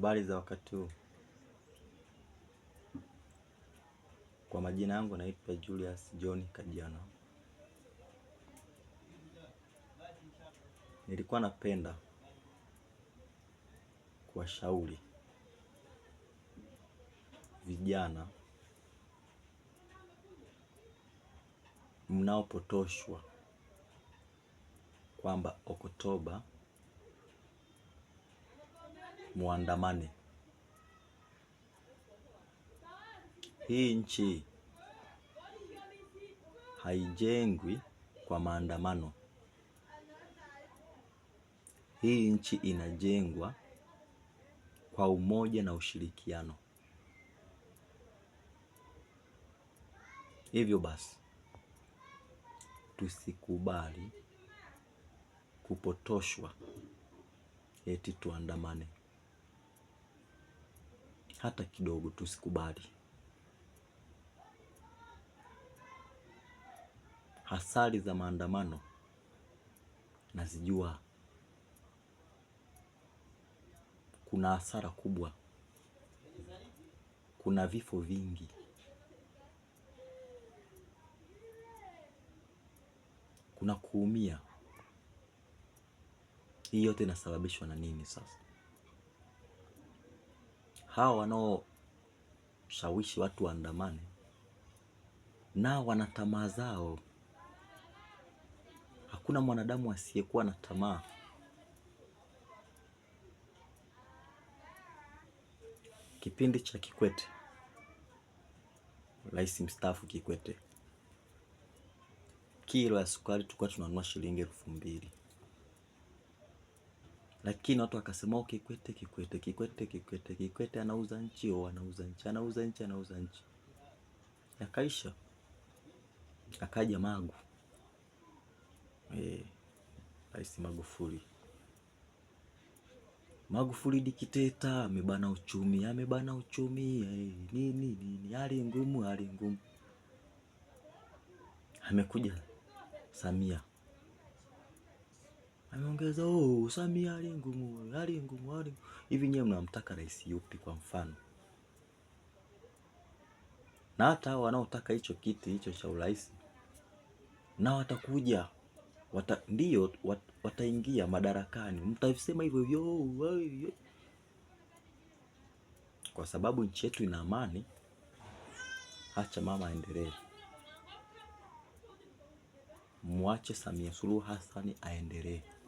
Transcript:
Habari za wakati huu. Kwa majina yangu naitwa Julius John Kajiano. Nilikuwa napenda kuwashauri vijana mnaopotoshwa kwamba Oktoba muandamane. Hii nchi haijengwi kwa maandamano. Hii nchi inajengwa kwa umoja na ushirikiano. Hivyo basi, tusikubali kupotoshwa eti tuandamane hata kidogo, tusikubali. Hasari za maandamano nazijua, kuna hasara kubwa, kuna vifo vingi. kuna kuumia. Hii yote inasababishwa na nini sasa? hawa wanaoshawishi watu waandamane nao wana tamaa zao. Hakuna mwanadamu asiyekuwa na tamaa. Kipindi cha Kikwete, rais mstaafu Kikwete, kilo ya sukari tulikuwa tunanunua shilingi elfu mbili. Lakini watu wakasema okay, oh, Kikwete, Kikwete, Kikwete, Kikwete, Kikwete anauza nchi, au oh, anauza nchi, anauza nchi, anauza nchi. Yakaisha. Akaja Magu. Eh, Rais Magufuli. Magufuli dikiteta, amebana uchumi, amebana uchumi, eh, nini nini, hali ngumu, hali ngumu. Amekuja Samia ameongeza oh, Samia hali ngumu, hali ngumu, hali hivi. Nyewe mnamtaka rais yupi kwa mfano? Na hata wanaotaka hicho kiti hicho cha urais na watakuja wata, ndio wat, wataingia madarakani, mtasema hivyo hivyo, oh, kwa sababu nchi yetu ina amani. Acha mama aendelee, mwache Samia Suluhu Hassan aendelee.